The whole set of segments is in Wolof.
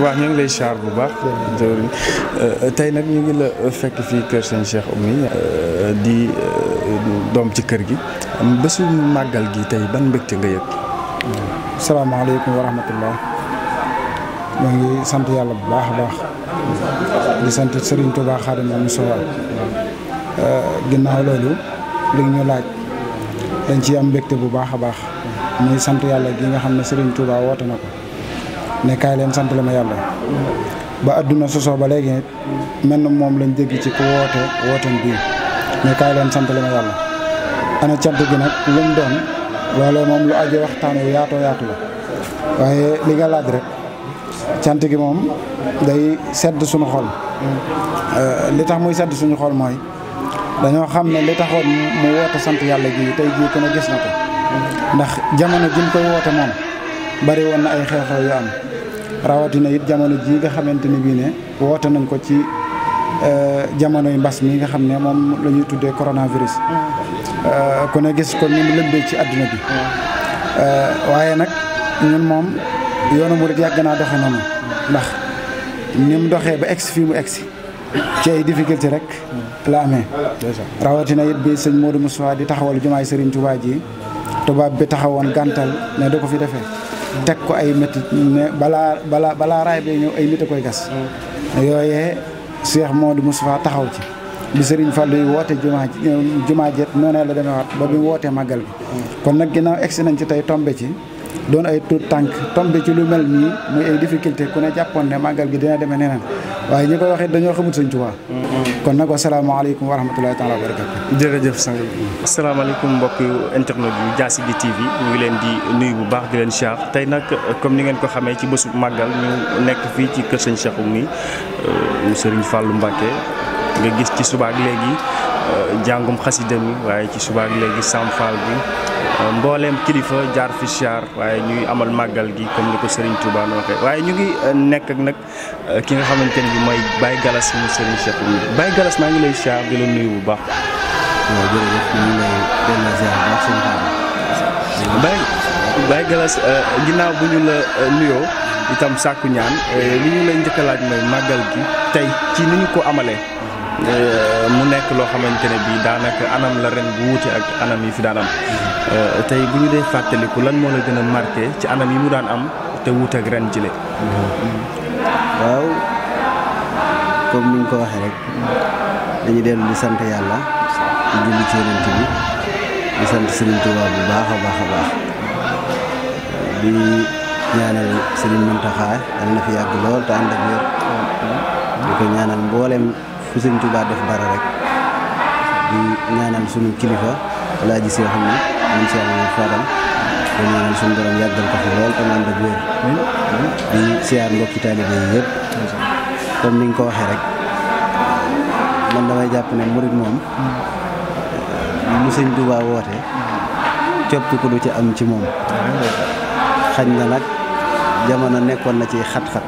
waa ñu ngi lay char bu baax. Euh, tey nag ñu ngi la fekk fii kër sëñ Cheikh Oumy euh, di euh, doom ci kër gi bésu màggal gi tey ban mbégte nga yëg. salaamaaleykum wa rahmatullah moo ngi sant yàlla bu baax a baax di sant Serigne Touba Xaadimu Rasuul ginnaaw loolu li ñu laaj dañ ci am mbégte bu baax a baax ngi sant yàlla gi nga xam ne Serigne Touba woote na ko. ne kaay leen sant lu ma yàlla ba adduna sosoo ba léegi mel na moom lañ dégg ci ku woote wooteem bii ne leen sant la ma yàlla ana cant gi nag lu mu doon loolee moom lu aji waxtaan wu yaato yaatu waaye li nga laaj rek cant gi moom day sedd suñu xol euh, li tax muy sedd suñu xol mooy dañoo xam ne li taxoon mu woote sant yàlla gi tey jii ku ne gis na ko ndax jamono ji ñu koy woote moom bari won na ay xew-xew yu am rawatina yit jamono ji nga xamanteni bi ne woote nañ ko ci eh, jamonoy mbass mi nga xamne mom lañuy tuddé coronavirus euh coronavirus. ku ne gis ko ni mu lëmbee ci aduna bi. Eh, waye nak ñun mom yoonu rek yag na doxé noonu ndax nim doxé ba ex fi mu ex ci ay difficulté rek la rawati rawatina yit bi señ Modou Moussa di taxawal jumaa Serigne Touba ji tubaab bi taxawon gantal ne do ko fi defé teg ko ay métti ne balaa balaa balaa raay bee ñëw ay métti koy gas mm. yooyee du mu Moustapha taxaw ci bi Serigne Fallou yi woote jumaa jumaa jet noonee la demee waat ba mu wootee màggal bi mm. kon nag ginnaaw egsi nañ ci tey tombe ci doon ay tuut tànk tombe ci lu mel nii muy ay difficulté ku ne jàppoon ne màggal gi dina demee neneen waaye ñi koy waxee dañoo xamul sëñ Tuubaa kon nag wasalaamaaleykum wa rahmatulahi taala wa barakatu jërëjëf sang bi asalaamaaleykum mbokk internet yu Diassigui TV ñu ngi leen di bu baax di leen siyaar tey nag comme ni ngeen ko xamee ci bésu màggal ñu nekk fii ci kër sëñ Cheikh Oumy euh, Serigne Fallou Mbacké nga gis ci subaak léegi jàngum xasida mi waaye ci suba ak léegi Sam bi euh, mbooleem kilifa jaar fi siyaar waaye ñuy amal màggal gi comme ni ko Serigne Touba no waaye ñu ngi euh, nekk ak nag euh, ki nga xamante ne bi mooy Baye Galas mu Serigne Cheikh maa ngi lay siyaar di la nuyu bu baax. waaw jërëjëf bu baax seen Baye Baye Galas ginnaaw bu ñu la nuyoo itam sàkku ñaan li ñu lay njëkk a màggal gi tey ci ni ñu ko amalee. Euh, mu nekk loo xamante ne bii daanaka anam la ren bu wuute ak anam yi fi daan am euh, tey bu ñu dee fàttaliku lan moo la gën a marqué ci anam yi mu daan am te wuute ak ren jile mm-hmm. waaw comme ni ñu ko waxee rek dañu dellu di sant yàlla di julli ci yonent bi di sant baax a baax a baax di ñaanal Serigne Mountakha yàlla na fi yàgg lool te ànd ak wér di ko ñaanal mboolem fu sëñ Tuubaa def dara rek di ñaanal suñu kilifa laa ji see xam ne moom si am fadam di ñaanal suñu borom di siyaar mbokki taalibe yi yëpp comme ni ko waxee rek man damay jàpp ne murit moom mu sëñ Tuubaa woote coppi ko du ci am ci moom xañ na nag jamono nekkoon na ci xat-xat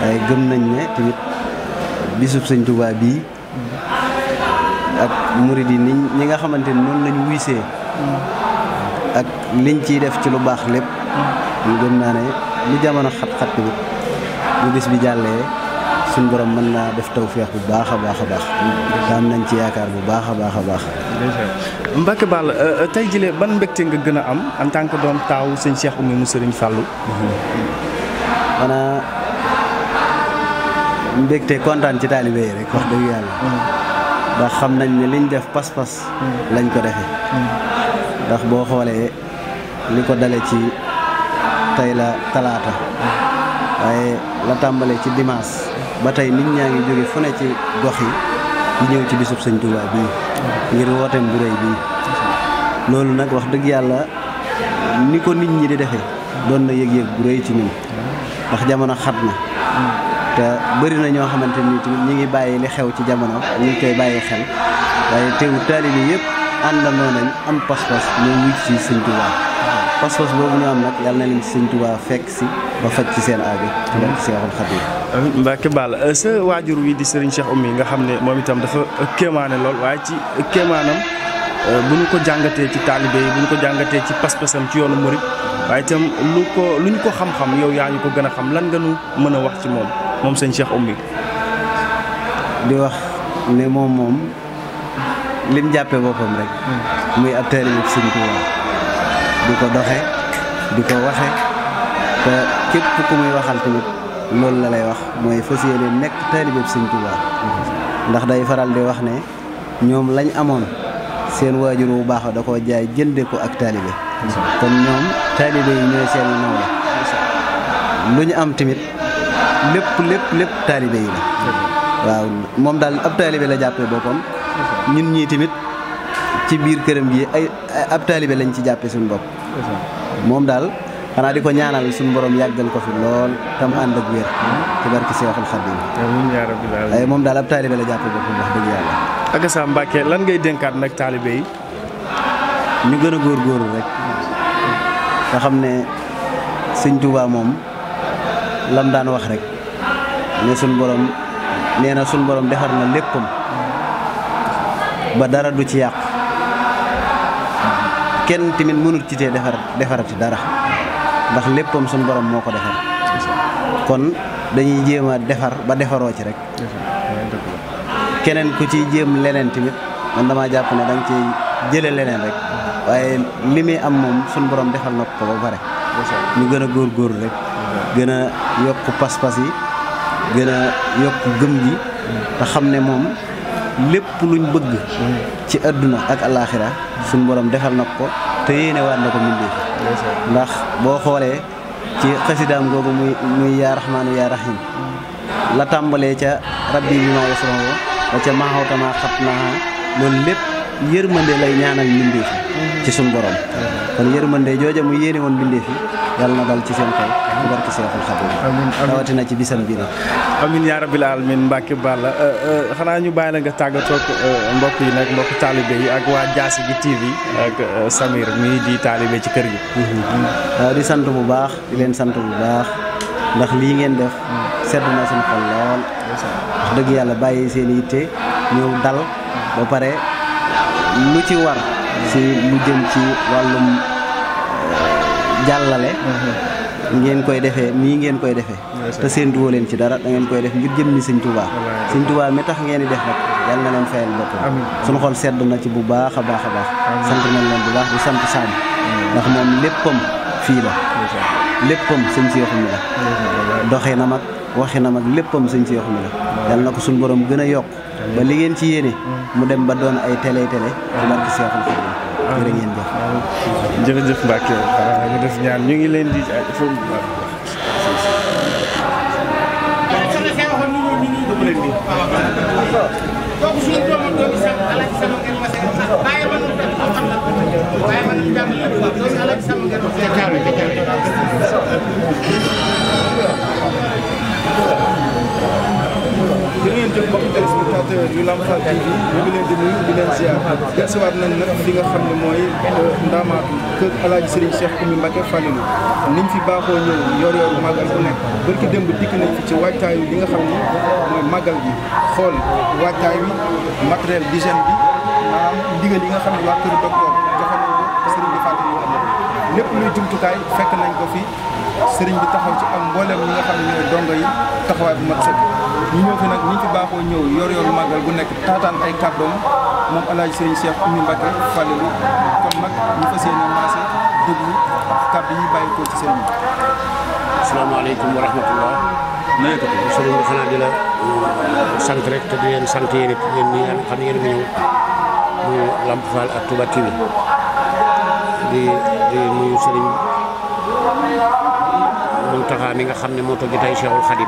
waaye gëm nañ ne tamit bisub sëñ Touba bii ak murid yi ni ñi nga xamante ni noonu lañu wuysee ak liñ ciy def ci lu baax lépp ñu gëm naa ne lu jamono xat-xat bi bu bis bi jàllee suñ borom mën naa def tawféex bu baax a baax a baax daam nañ ci yaakaar bu baax a baax a baax Mbacke baal euh, euh, tey jile ban mbégte nga gën a am en tant que doom taaw sëñ Cheikh Oumy mu sëriñ Fallou mbekté contane ci talibé rek wax deug yalla da xamnañ ni liñ def pass pass lañ ko defé ndax bo xolé liko dalé ci tay la talata waaye la tambalé ci dimanche ba tey nit ñangi ngi fu ci gox yi ñew ci bisub sëñ Touba bi ngir wotem bu reuy bi lolu nak wax deug yalla niko nit ñi di defé doon na yëg-yëg bu reuy ci ñun wax jamono xatna te bëri na ñoo xamante ni tamit ñi ngi bàyyi li xew ci jamono ñu ngi koy bàyyi xel waaye teewu taalibe yëpp àndandoo nañ am pas-pas ñoo wujj si sëñ Tuubaa pas-pas boobu ñu am nag yal na leen sëñ Tuubaa fekk si ba faj ci seen aajo barke Seexul Xadiim Mbàkke Balla euh, sa waajur wi di sëriñ Cheikh Oumy nga xam ne moom itam dafa kemaane lool waaye ci kemaanam euh, bu ñu ko jàngatee ci taalibe bu ñu ko jàngatee ci pas-pasam ci yoonu murit waaye itam lu ko lu ñu ko xam-xam yow yaa ñu ko gën a xam lan nga mën a wax ci moom moom sëñ Cheikh Oumy. di wax ne moom moom lim jàppee boppam rek. muy ab taalibe bi sëñ di ko doxe di ko waxe te képp ku muy waxal tamit loolu la lay wax mooy fas yéene nekk taalibe bi sëñ ndax day faral di wax ne ñoom lañ amoon seen waajur wu baax a da ko jaay jënde ko ak taalibe kon ñoom taalibe yi ñooy seen i lu ñu am tamit. lépp lépp lépp taalibe yi la. waaw moom daal ab taalibe la jàppee boppam. ñun ñii tamit ci biir këram gi ay ab taalibe lañ ci jàppe suñ bopp. moom daal xanaa di ko ñaanal suñu borom yàggal ko fi lool tam ànd ak wér. ci barki Seexul Xadiim. ay moom daal ab taalibe la jàppee boppam wax dëgg yàlla. Agassa Mbacké lan ngay dénkaat nag taalibe yi. ñu gën a góorgóorlu rek. nga xam ne sëñ Tuubaa moom. lam daan wax rek ne suñ borom nee na suñ borom defar na léppam ba dara du ci yàq kenn tamit mënut ci tee defar defarati dara ndax léppam suñ borom moo ko defar kon dañuy jéem defar ba defaroo ci rek keneen ku ci jéem leneen tamit man damaa jàpp ne danga ci jële leneen rek waaye li muy am moom suñ borom defal na ko ba pare ñu gën a góor góor rek gën a yokk pas yi gën a yokk gëm ji te xam ne moom lépp luñ bëgg ci àdduna ak alaaxira suñ borom defal na ko te yéene waat na ko mbindéef ndax boo xoolee ci xasidaam googu muy muy yaa raxmaanu yaa raxiim la tàmbalee ca rabbi bi maa yasroo wa ca maxawtamaa xat naa loolu lépp yërmande lay ñaanal mbindéef ci suñ borom kon yërmande jooja mu yéene woon bindee fi yàlla na dal ci seen kaw ci barke Seexul Xadiim rawatina ci bisam bi nag amin yaa rabbil alamin Mbàkke Balla euh, euh, ñu bàyyi la nga tàggatoog euh, mbokk yi nag mbokk taalibe yi ak waa Jaasi gi TV ak Samir mii di taalibe ci kër gi mm-hmm. di sant bu baax di leen sant bu baax ndax lii ngeen def sedd na seen xol lool wax dëgg yàlla bàyyi seen yitte ñëw dal ba pare lu ci war si mu jëm ci wàllum jàllale ngeen koy defee nii ngeen koy defee te seen duwoo leen ci dara da ngeen koy def ngir jëm ni sëñ Touba sëñ Touba mi tax ngeen di def rek yàlla na leen fayal boppam suñu xol sedd na ci bu baax a baax a baax sant nañ leen bu baax di sant Sam ndax moom léppam fii la léppam sëñ si yoo xam la doxee na mag waxinam ak léppam sëñ Seexu mi la yàlla na ko suñu borom gën a yokk ba li ngeen ci yéene mu dem ba doon ay télé seet ci barke Seexul Xadiim jërë ngeen jëf jërëjëf Mbacke ñu def ñaan ñu ngi leen di Thank you. jërëjëf jëf mbokk téléspectateur yu Lamfal TV ñu ngi leen di nuyu di leen ziar dellusiwaat nañ nag li nga xam ne mooy euh, ndaamaatu kër El Hadj Serigne Cheikh Oumy Mbacké Falilou niñ fi baaxoo ñëw yor-yor màggal bu nekk barki démb dikk nañ ci waajtaayu li nga xam ne mooy màggal bi xool waajtaay wi matériel d'hygiène bi ndigal yi nga xam ne waa kër docteur joxe nañ ko Serigne bi fàttali lépp luy jumtukaay fekk nañ ko fi. sëriñ bi taxaw ci ak mbooleem ñi nga xam ne ñooy dongo yi taxawaay bu mat sëkk ñu ñëw fi nag ñi fi baaxoo ñëw yor yoru màggal bu nekk taataan ay kàddoom moom alaaji sëriñ Cheikh Oumy Mbacké Fallilou kon nag ñu fas yéene maase déglu ko ci sëriñ bi asalaamaaleykum wa rahmatullah nayëkkati sëriñ bi xanaa di la uh, sant rek te di leen sant yéen it yéen ñi nga xam ne yéen a ñëw muy Lamp Fall ak Touba TV di di sëriñ Mountakha mi nga xam ne moo toog jotaay Cheikhul Khadim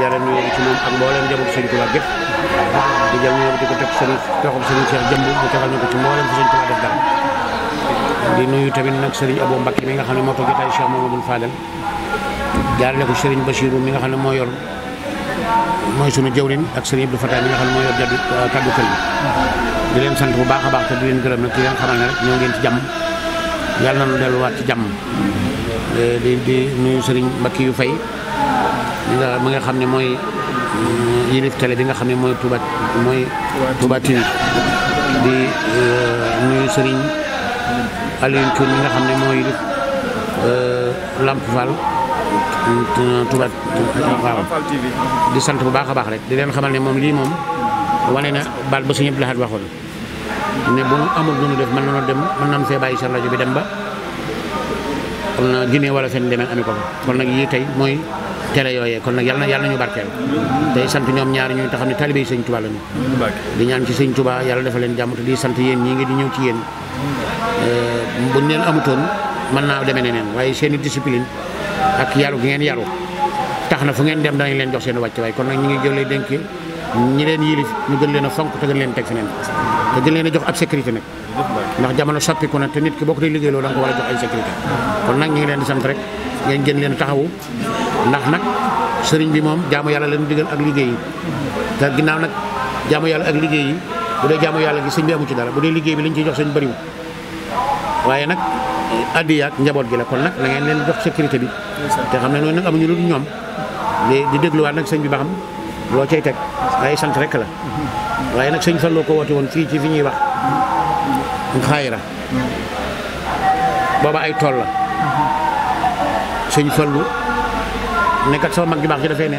jàll nuyoo bi ci moom ak mboolem njabootu Sëriñ Tuubaa gépp di jël di ko teg seen toxum Sëriñ Cheikh jëmb mu tegal ñu ko ci mboolem fi Sëriñ Tuubaa def dara di nuyu tamit nag Sëriñ Abo Mbakke mi nga xam ne moo toog jotaay Cheikh Mamadou Fadel jaarale ko Sëriñ Bachirou mi nga xam ne moo yor mooy sunu jawrin ak Sëriñ Abdou Fatah mi nga xam ne moo yor jaddu euh, kaddu kër bi di leen sant bu baax a baax te di leen gërëm nag di leen xamal ne rek ñoo ngeen ci jàmm yàlla na nu delluwaat ci jàmm di di nuyu sëriñ Mbacke yu fay nga mi nga xam ne mooy mm, yilif télé bi nga xam ne mooy Touba mooy Touba TV di euh, nuyu sëriñ Alioune Thioune mi nga xam ne mooy yilif euh, Lamp Fall euh, Touba waaw di sant bu baax a baax rek di leen xamal ne moom lii moom wane na baal ba suñu la Lahad waxoon ne bu amul lu ñu def mën nañoo dem mën nañu fee bàyyi sa rajo bi dem ba kon na Guinée wala seen demeen ami ko fa kon nag yii tey mooy télé yooyee kon nag yàlla na yàlla nañu barkeel tey sant ñoom ñaari ñooñu te xam ne talibé yi lañu di ñaan ci sëñ Touba yàlla dafa leen jàmm di sant yéen ñii ngi di ñëw ci yéen eh, buñ leen amutoon mën naa demee neneen waaye seen i discipline ak yaru gi ngeen yaru tax na fu ngeen dem danañ leen jox seen wàcc waaye kon nag ñu ngi jëlee dénk ñi leen yilif ñu gën leen fonk te gën leen teg feneen te gën leen a jox ab sécurité nag ndax jamono soppiku na te nit ki boo ko dee liggéey loolu da nga ko war a kon nag ñu ngi leen di sant rek ngeen gën leen taxawu ndax nag sëriñ bi moom jaamu yàlla leen digal ak liggéey yi te ginnaaw nag jaamu yàlla ak liggéey bu dee jaamu yàlla gi sëñ bi amu ci dara bu dee liggéey bi liñ ciy jox sëñ bëriwu waaye nag addiya ak njaboot gi la kon nag ngeen leen jox sécurité bi te xam ne noonu nag amuñu lu ñoom di dégluwaat nag sëñ bi ba xam loo cay teg ay sant rek la waaye nag sëñ Fallou ko woote woon fii ci fi ñuy wax xaayira booba ay tool la sëñ lu nekkat sama mag ju baax ci dafay ne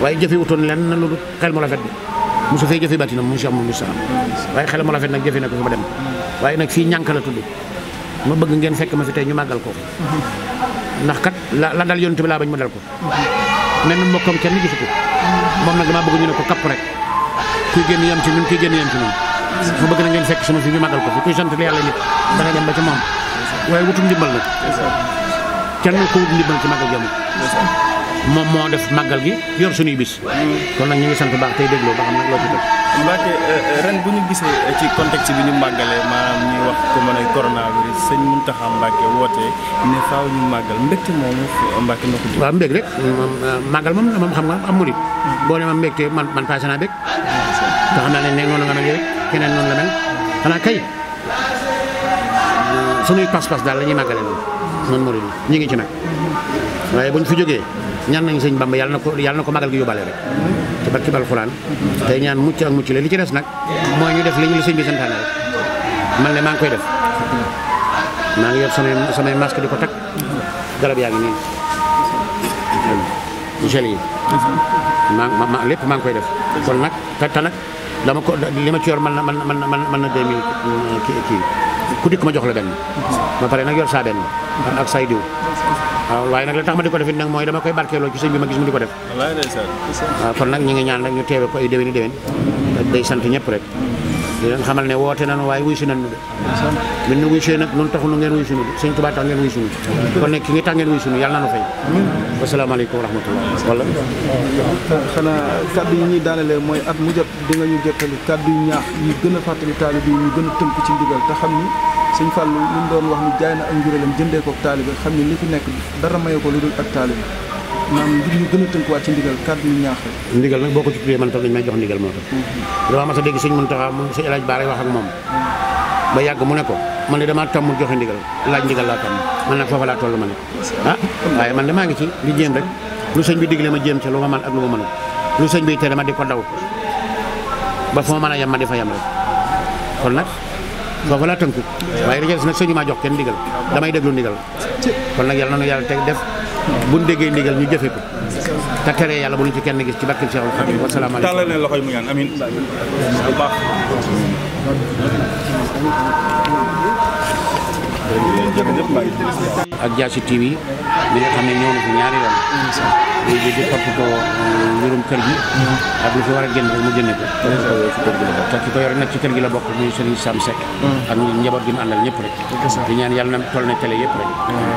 waaye jëfe wutoon lenn na lu xel mu rafet bi mosu fee jëfe bàtti na mu am mu sa waaye xel mu rafet nag jëfe na ko fi ma dem waaye nag fii ñànk la tudd ma bëgg ngeen fekk ma fi tey ñu màggal ko ndax kat la la dal yonent bi laa bañ ma dal ko mel ni mbokkam kenn gisu ko moom nag damaa bëgg ñu ne ko kapp rek kuy génn yem ci ñun kuy génn yem ci ñun su bëgg na ngeen fekk suma fi ñu màggal ko fi kuy sant yàlla nit da nga dem ba ci moom waaye wutum ndimbal nag kenn ko wut ndimbal ci màggal jàmm moom moo def màggal gi su suñuy bis. kon nag ñu ngi sant baax tey dégloo baax nag loo ci def. Euh, euh, ren bu ñu gisee euh, ci contexte bi ñu màggalee maanaam ñuy wax ko mën a coronavirus sëñ Mountakha Mbacke woote ne faaw ñu màggal mbégte moomu Mbacke na ko jóg. waaw mbég rek màggal moom moom xam nga am murit mm-hmm. boo ne ma mbégte man man passé naa bég. naa ne nee noonu nga mel keneen noonu la mel xanaa kay suñuy pas-pas daal lañuy ñuy màggale noonu noonu murit ñu ngi ci nag mm-hmm. waaye buñ fi jógee. ñan nañ señ bamba yalla nako yalla nako magal gi yobale rek ci barki bal xuraan tay ñaan mucc ak mucc la li ci dess nak moy ñu def li ñu la bi santana rek man le mang koy def maa ngi yor sama samay masque diko tak garab yaangi ni jeli mang ma lepp mang koy def kon nak ta ta nak dama ko li ma ci yor man man man man man na deux euh, ki ki ku dik ma jox la ben ba pare nak yor sa ben ak say diw waaw waaye nag la tax ma di ko def it nag mooy dama koy barkeeloo ci sëñ bi ma gis mu di ko def waaw kon nag ñu ngi ñaan rek ñu teewe ko ay déwéni déwén day sant ñëpp rek di leen xamal ne woote nañu waaye wuy si nañu de min nu wuy see nag noonu taxul nu ngeen wuy sunu de sëñ Tuubaa tax ngeen wuy sunu kon nag ki ngi tax ngeen wuy sunu yàlla na nu fay wasalaamaaleykum wa rahmatullah wala xanaa kaddu yi ñuy daanalee mooy at mu jot di nga ñu jottali kaddu yu gën a fàttali taalibe yi ñu gën a tënk ci ndigal te xam ni suñ Fallou li mu doon wax ni jaay na ay njuréelam jëndee ko taalibe xam ne li fi nekk dara maye ko lu dul ak taalibe maanaam ngir ñu gën a tënkuwaat ci ndigal kàddu yu ñaax ndigal nag boo ko ci tuddee man tam may jox ndigal moo tax damaa mhm. mas a dégg sëñ Mountakha moom sëñ El wax ak moom ba yàgg mu ne ko man de damaa tàmm joxe ndigal laaj ndigal laa tàmm man nag foofa laa toll ma ne ah waaye man de maa ngi ci di jéem rek lu sëñ bi digle ma jéem ca lu ma man ak lu ma mënul lu sëñ bi te dama di ko ba fu ma a yem ma di fa yem foofu laa tënku waaye li des nag suñu maa jox kenn ndigal damay déglu ndigal kon nag yàlla na nu yàlla teg def buñ déggee ndigal ñu jëfe ko te yàlla bu ñu ci kenn gis ci barkeb Cheikhul Khadim wa salaamu alaykum tàllal leen loxoy mu ñaan amin bu baax ak Diassi mi nga xam ne ñëw na fi ñaari yoon léegi di toppatoo euh, mbirum kër gi ak lu fi war a génn mu génne ko te ko yore nag ci kër gi la bokk muy Serigne Sam Seck mm. ak ñu njaboot gi mu àndal ñëpp rek di ñaan yàlla na toll na télé yëpp rek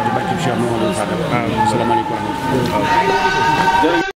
di mm. barke Cheikh Mouhamadou Fadal salaamaaleykum